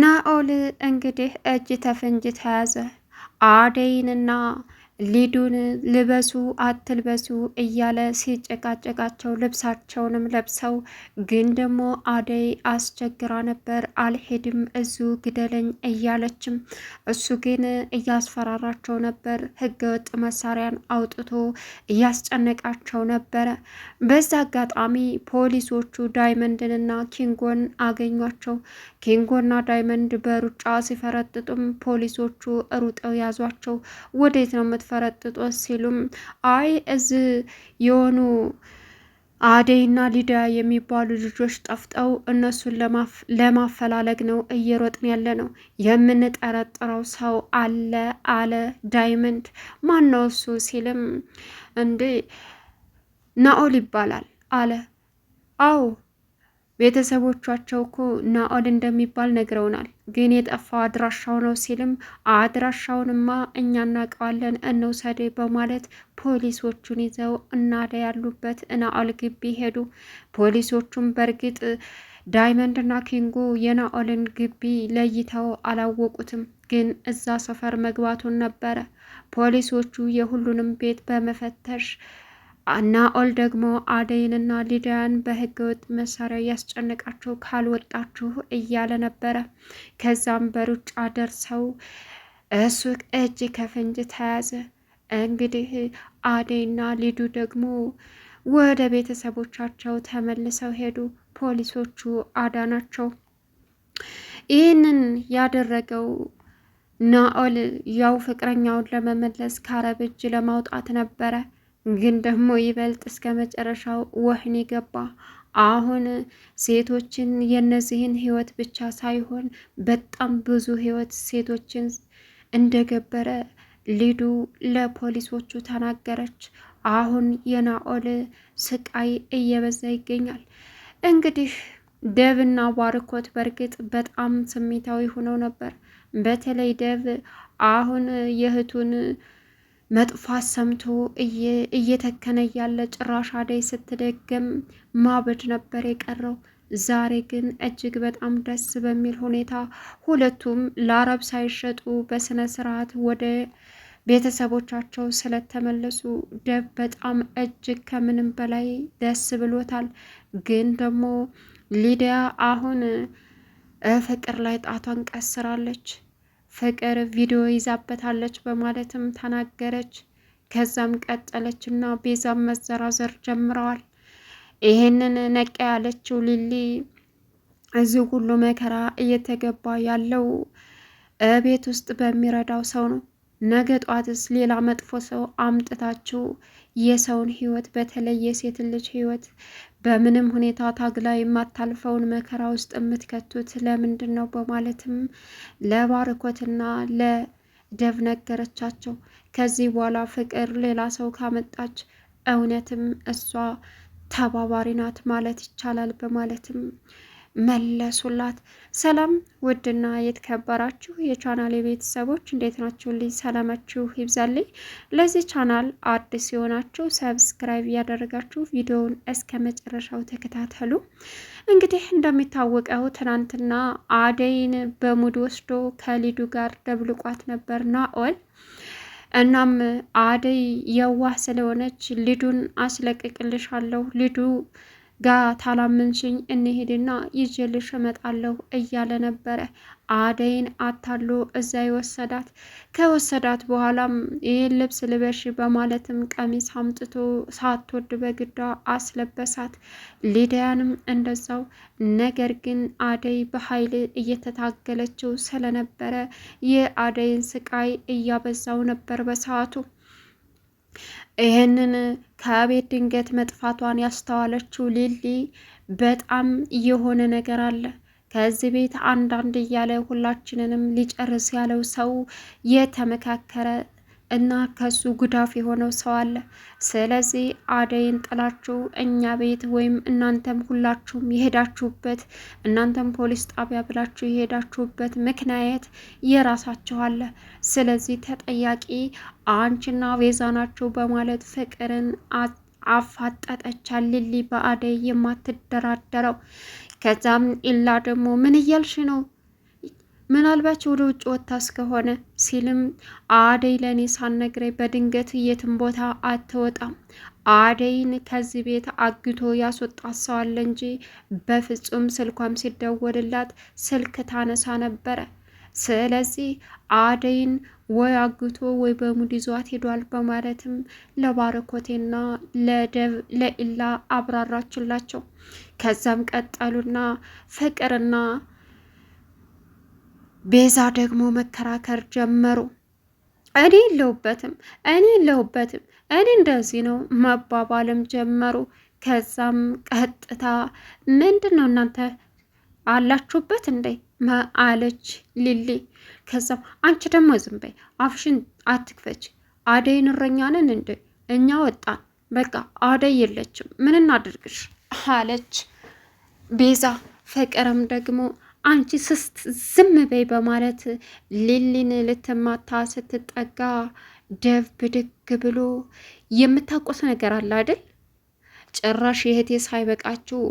ናኦል እንግዲህ እጅ ተፍንጅ ተያዘ። አደይንና ሊዱን ልበሱ አትልበሱ እያለ ሲጨቃጨቃቸው ልብሳቸውንም ለብሰው ግን ደግሞ አደይ አስቸግራ ነበር። አልሄድም እዙ ግደለኝ እያለችም እሱ ግን እያስፈራራቸው ነበር። ህገወጥ መሳሪያን አውጥቶ እያስጨነቃቸው ነበረ። በዛ አጋጣሚ ፖሊሶቹ ዳይመንድንና ኪንጎን አገኟቸው። ኪንጎና ዳይመንድ በሩጫ ሲፈረጥጡም ፖሊሶቹ ሩጠው ያዟቸው። ወዴት ነው ሊያስፈረጥጦት ሲሉም አይ እዚህ የሆኑ አደይና ሊዳ የሚባሉ ልጆች ጠፍጠው እነሱን ለማፈላለግ ነው እየሮጥን ያለ ነው። የምንጠረጥረው ሰው አለ አለ ዳይመንድ። ማን ነው እሱ ሲልም እንዴ ናኦል ይባላል አለ። አዎ ቤተሰቦቻቸው እኮ ናኦል እንደሚባል ነግረውናል፣ ግን የጠፋው አድራሻው ነው ሲልም አድራሻውንማ እኛ እናውቀዋለን እንውሰድ በማለት ፖሊሶቹን ይዘው እናደ ያሉበት ናኦል ግቢ ሄዱ። ፖሊሶቹም በእርግጥ ዳይመንድና ኪንጎ የናኦልን ግቢ ለይተው አላወቁትም፣ ግን እዛ ሰፈር መግባቱን ነበረ። ፖሊሶቹ የሁሉንም ቤት በመፈተሽ ናኦል ደግሞ አደይንና ሊዲያን በህገወጥ መሳሪያ እያስጨነቃችሁ ካልወጣችሁ እያለ ነበረ። ከዛም በሩጫ ደርሰው እሱ እጅ ከፍንጅ ተያዘ። እንግዲህ አደይና ሊዱ ደግሞ ወደ ቤተሰቦቻቸው ተመልሰው ሄዱ። ፖሊሶቹ አዳናቸው። ይህንን ያደረገው ናኦል ያው ፍቅረኛውን ለመመለስ ከአረብ እጅ ለማውጣት ነበረ። ግን ደግሞ ይበልጥ እስከ መጨረሻው ወህኒ ገባ። አሁን ሴቶችን የነዚህን ህይወት ብቻ ሳይሆን በጣም ብዙ ህይወት ሴቶችን እንደገበረ ሊዱ ለፖሊሶቹ ተናገረች። አሁን የናኦል ስቃይ እየበዛ ይገኛል። እንግዲህ ደብና ባርኮት በእርግጥ በጣም ስሜታዊ ሆነው ነበር። በተለይ ደብ አሁን የእህቱን መጥፋት ሰምቶ እየተከነ ያለ ጭራሽ አደይ ስትደግም ማበድ ነበር የቀረው። ዛሬ ግን እጅግ በጣም ደስ በሚል ሁኔታ ሁለቱም ለአረብ ሳይሸጡ በስነ ስርዓት ወደ ቤተሰቦቻቸው ስለተመለሱ ደብ በጣም እጅግ ከምንም በላይ ደስ ብሎታል። ግን ደግሞ ሊዲያ አሁን ፍቅር ላይ ጣቷን ቀስራለች። ፍቅር ቪዲዮ ይዛበታለች በማለትም ተናገረች። ከዛም ቀጠለች እና ቤዛም መዘራዘር ጀምረዋል። ይሄንን ነቀ ያለችው ሊሊ እዚህ ሁሉ መከራ እየተገባ ያለው ቤት ውስጥ በሚረዳው ሰው ነው። ነገ ጧትስ ሌላ መጥፎ ሰው አምጥታችሁ የሰውን ህይወት በተለይ የሴት ልጅ ህይወት በምንም ሁኔታ ታግላ የማታልፈውን መከራ ውስጥ የምትከቱት ለምንድን ነው? በማለትም ለባርኮትና ለደብ ነገረቻቸው። ከዚህ በኋላ ፍቅር ሌላ ሰው ካመጣች እውነትም እሷ ተባባሪ ናት ማለት ይቻላል በማለትም መለሱላት። ሰላም ውድና የተከበራችሁ የቻናል የቤተሰቦች እንዴት ናችሁ? ልጅ ሰላማችሁ ይብዛልኝ። ለዚህ ቻናል አዲስ የሆናችሁ ሰብስክራይብ እያደረጋችሁ ቪዲዮውን እስከ መጨረሻው ተከታተሉ። እንግዲህ እንደሚታወቀው ትናንትና አደይን በሙድ ወስዶ ከሊዱ ጋር ደብልቋት ነበር ናኦል እናም አደይ የዋህ ስለሆነች ሊዱን አስለቅቅልሻለሁ ሊዱ ጋ ታላምንሽኝ እንሄድና ይዤልሽ እመጣለሁ እያለ ነበረ አደይን አታሎ እዛ ይወሰዳት። ከወሰዳት በኋላም ይህን ልብስ ልበሽ በማለትም ቀሚስ አምጥቶ ሳትወድ በግዳ አስለበሳት። ሊዲያንም እንደዛው። ነገር ግን አደይ በኃይል እየተታገለችው ስለነበረ የአደይን ስቃይ እያበዛው ነበር በሰዓቱ ይህንን ከቤት ድንገት መጥፋቷን ያስተዋለችው ሊሊ በጣም የሆነ ነገር አለ ከዚህ ቤት አንዳንድ እያለ ሁላችንንም ሊጨርስ ያለው ሰው የተመካከረ እና ከሱ ጉዳፍ የሆነው ሰው አለ። ስለዚህ አደይን ጥላችሁ እኛ ቤት ወይም እናንተም ሁላችሁም የሄዳችሁበት እናንተም ፖሊስ ጣቢያ ብላችሁ የሄዳችሁበት ምክንያት የራሳችሁ አለ። ስለዚህ ተጠያቂ አንቺና ቤዛ ናችሁ በማለት ፍቅርን አፋጠጠቻል። ሊሊ በአደይ የማትደራደረው ከዛም ኢላ ደግሞ ምን እያልሽ ነው ምናልባች ወደ ውጭ ወጥታ እስከሆነ ሲልም አደይ ለእኔ ሳነግረኝ በድንገት የትም ቦታ አትወጣም። አደይን ከዚህ ቤት አግቶ ያስወጣ ሰው አለ እንጂ በፍጹም ስልኳም ሲደወልላት ስልክ ታነሳ ነበረ። ስለዚህ አደይን ወይ አግቶ ወይ በሙድ ይዟት ሄዷል በማለትም ለባረኮቴና ለደብ ለኢላ አብራራችላቸው። ከዛም ቀጠሉና ፍቅርና ቤዛ ደግሞ መከራከር ጀመሩ። እኔ የለሁበትም እኔ የለሁበትም እኔ እንደዚህ ነው መባባልም ጀመሩ። ከዛም ቀጥታ ምንድን ነው እናንተ አላችሁበት እንዴ አለች ሊሊ። ከዛም አንቺ ደግሞ ዝም በይ አፍሽን አትክፈች። አደይን እረኛ ነን እንዴ እኛ ወጣን፣ በቃ አደይ የለችም ምን እናድርግሽ አለች ቤዛ። ፍቅርም ደግሞ አንቺ ስስት ዝም በይ በማለት ሊሊን ልትማታ ስትጠጋ ደብ ብድግ ብሎ የምታቆስ ነገር አለ አይደል? ጭራሽ የእህቴ ሳይበቃችሁ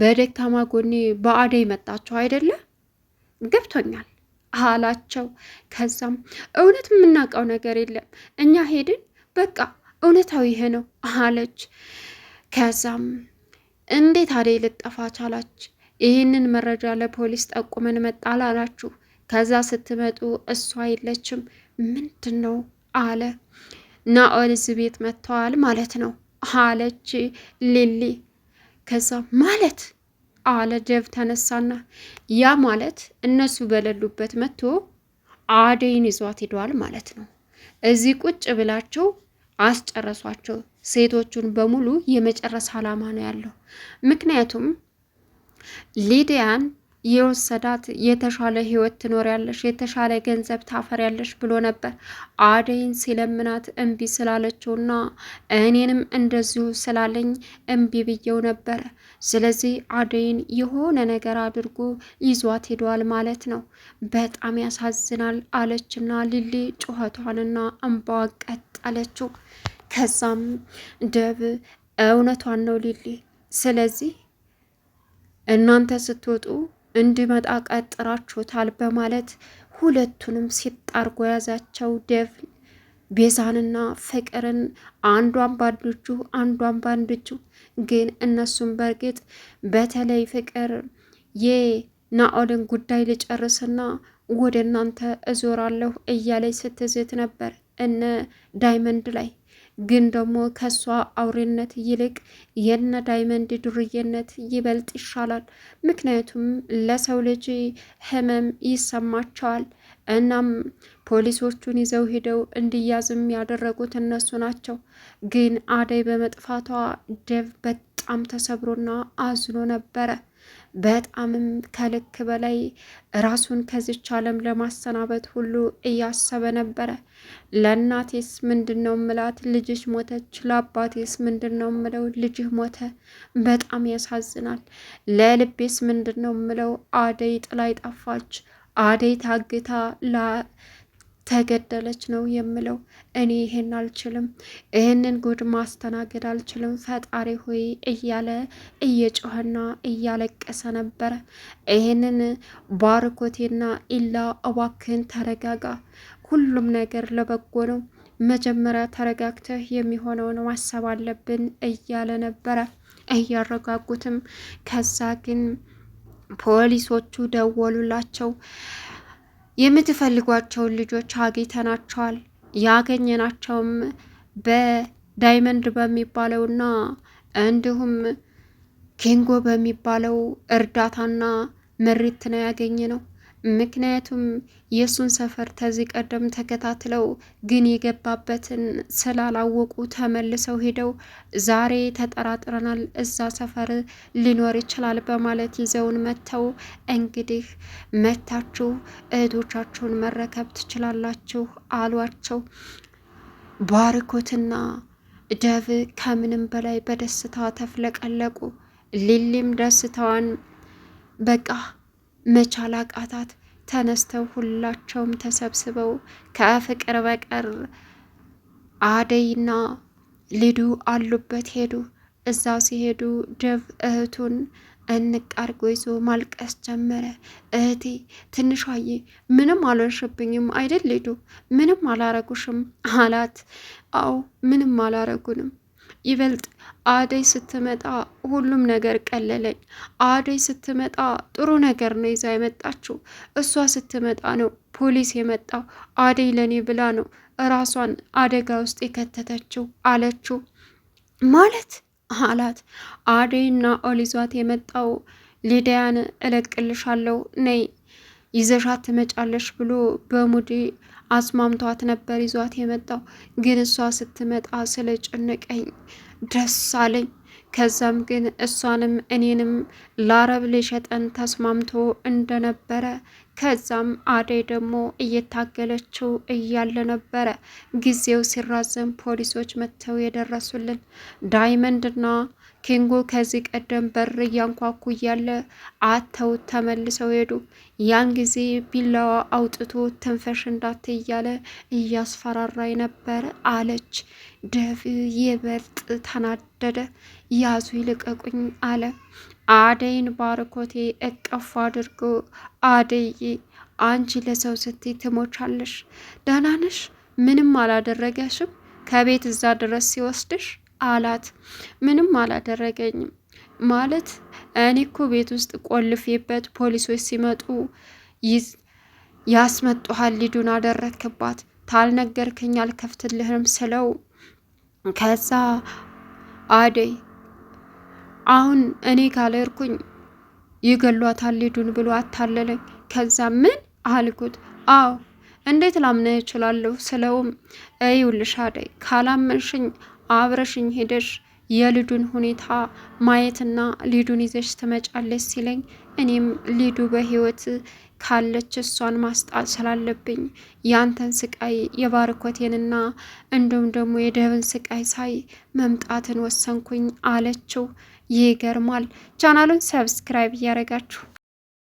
በደካማ ጎኔ በአደይ መጣችሁ አይደለ? ገብቶኛል አላቸው። ከዛም እውነት የምናውቀው ነገር የለም እኛ ሄድን፣ በቃ እውነታው ይሄ ነው አለች። ከዛም እንዴት አደይ ልጠፋ ቻላች? ይህንን መረጃ ለፖሊስ ጠቁመን መጣል አላችሁ። ከዛ ስትመጡ እሱ አይለችም ምንድን ነው አለ ናኦል። እዚህ ቤት መጥተዋል ማለት ነው አለች ሊሊ። ከዛ ማለት አለ ደብ ተነሳና፣ ያ ማለት እነሱ በሌሉበት መጥቶ አደይን ይዟት ሄደዋል ማለት ነው። እዚህ ቁጭ ብላቸው አስጨረሷቸው። ሴቶቹን በሙሉ የመጨረስ አላማ ነው ያለው ምክንያቱም ሊዲያን የወሰዳት የተሻለ ህይወት ትኖሪያለሽ፣ የተሻለ ገንዘብ ታፈሪያለሽ ብሎ ነበር። አደይን ሲለምናት እምቢ ስላለችውና እኔንም እንደዚሁ ስላለኝ እምቢ ብዬው ነበረ። ስለዚህ አደይን የሆነ ነገር አድርጎ ይዟት ሄዷል ማለት ነው። በጣም ያሳዝናል አለችና ሊሊ ጩኸቷንና እንባዋ ቀጠለችው ከዛም ደብ እውነቷን ነው ሊሊ፣ ስለዚህ እናንተ ስትወጡ እንድመጣ ቀጥራችሁታል በማለት ሁለቱንም ሲጣርጎ ያዛቸው ደፍ ቤዛንና ፍቅርን አንዷን በአንድ እጁ አንዷን እጁ ግን እነሱም በእርግጥ በተለይ ፍቅር የናኦልን ጉዳይ ልጨርስና ወደ እናንተ እዞራለሁ እያለች ስትዝት ነበር እነ ዳይመንድ ላይ ግን ደግሞ ከሷ አውሬነት ይልቅ የነ ዳይመንድ ዱርዬነት ይበልጥ ይሻላል። ምክንያቱም ለሰው ልጅ ህመም ይሰማቸዋል። እናም ፖሊሶቹን ይዘው ሂደው እንዲያዝም ያደረጉት እነሱ ናቸው። ግን አደይ በመጥፋቷ ዴቭ በጣም ተሰብሮና አዝኖ ነበረ። በጣምም ከልክ በላይ ራሱን ከዚች ዓለም ለማሰናበት ሁሉ እያሰበ ነበረ። ለእናቴስ ምንድን ነው ምላት? ልጅሽ ሞተች። ለአባቴስ ምንድን ነው ምለው? ልጅህ ሞተ። በጣም ያሳዝናል። ለልቤስ ምንድን ነው ምለው? አደይ ጥላይ ጠፋች። አደይ ታግታ ተገደለች ነው የምለው። እኔ ይሄን አልችልም፣ ይህንን ጉድ ማስተናገድ አልችልም፣ ፈጣሪ ሆይ እያለ እየጮኸና እያለቀሰ ነበረ። ይህንን ባርኮቴና ኢላ እባክህን ተረጋጋ፣ ሁሉም ነገር ለበጎ ነው። መጀመሪያ ተረጋግተህ የሚሆነውን ማሰብ አለብን እያለ ነበረ። እያረጋጉትም ከዛ ግን ፖሊሶቹ ደወሉላቸው። የምትፈልጓቸውን ልጆች አግኝተናቸዋል። ያገኘናቸውም በዳይመንድ በሚባለውና እንዲሁም ኬንጎ በሚባለው እርዳታና ምሪት ነው ያገኘ ነው። ምክንያቱም የእሱን ሰፈር ተዚህ ቀደም ተከታትለው ግን የገባበትን ስላላወቁ ተመልሰው ሄደው ዛሬ ተጠራጥረናል፣ እዛ ሰፈር ሊኖር ይችላል በማለት ይዘውን መጥተው እንግዲህ መታችሁ እህቶቻችሁን መረከብ ትችላላችሁ አሏቸው። ባርኮትና ደብ ከምንም በላይ በደስታ ተፍለቀለቁ። ሊሊም ደስታዋን በቃ መቻል አቃታት። ተነስተው ሁላቸውም ተሰብስበው ከፍቅር በቀር አደይና ልዱ አሉበት ሄዱ። እዛ ሲሄዱ ደብ እህቱን እንቃርጎ ይዞ ማልቀስ ጀመረ። እህቴ ትንሿዬ ምንም አልሆንሽብኝም አይደል ልዱ? ምንም አላረጉሽም አላት። አዎ ምንም አላረጉንም ይበልጥ አደይ ስትመጣ ሁሉም ነገር ቀለለኝ። አደይ ስትመጣ ጥሩ ነገር ነው ይዛ የመጣችው። እሷ ስትመጣ ነው ፖሊስ የመጣው። አደይ ለኔ ብላ ነው እራሷን አደጋ ውስጥ የከተተችው አለችው። ማለት አላት አደይና ኦሊዟት የመጣው ሊዲያን እለቅልሻለሁ ነይ ይዘሻት ትመጫለሽ ብሎ በሙዴ አስማምቷት ነበር ይዟት የመጣው ግን እሷ ስትመጣ ስለ ጭንቀኝ ደስ አለኝ። ከዛም ግን እሷንም እኔንም ለአረብ ሊሸጠን ተስማምቶ እንደነበረ ከዛም አደይ ደግሞ እየታገለችው እያለ ነበረ ጊዜው ሲራዘም ፖሊሶች መጥተው የደረሱልን ዳይመንድና ኪንጎ ከዚህ ቀደም በር እያንኳኩ እያለ አተው ተመልሰው ሄዱ። ያን ጊዜ ቢላዋ አውጥቶ ትንፈሽ እንዳት እያለ እያስፈራራ ነበረ አለች። ደፍ ይበልጥ ተናደደ። ያዙ ይልቀቁኝ አለ። አደይን ባርኮቴ እቀፉ አድርጎ አደይ አንቺ ለሰው ስትይ ትሞቻለሽ። ደህና ነሽ? ምንም አላደረገሽም? ከቤት እዛ ድረስ ሲወስድሽ አላት። ምንም አላደረገኝም ማለት እኔ እኮ ቤት ውስጥ ቆልፌበት ፖሊሶች ሲመጡ ያስመጡሃል፣ ሊዱን አደረክባት፣ ታልነገርክኝ አልከፍትልህም ስለው ከዛ አደይ አሁን እኔ ካለርኩኝ ይገሏታል ሊዱን ብሎ አታለለኝ። ከዛ ምን አልኩት? አዎ እንዴት ላምነህ እችላለሁ? ስለውም እይውልሽ አደይ ካላመንሽኝ አብረሽኝ ሄደሽ የልዱን ሁኔታ ማየትና ሊዱን ይዘሽ ትመጫለች ሲለኝ እኔም ሊዱ በህይወት ካለች እሷን ማስጣት ስላለብኝ ያንተን ስቃይ የባርኮቴንና እንዲሁም ደግሞ የደብን ስቃይ ሳይ መምጣትን ወሰንኩኝ አለችው። ይገርማል። ቻናሉን ሰብስክራይብ እያደረጋችሁ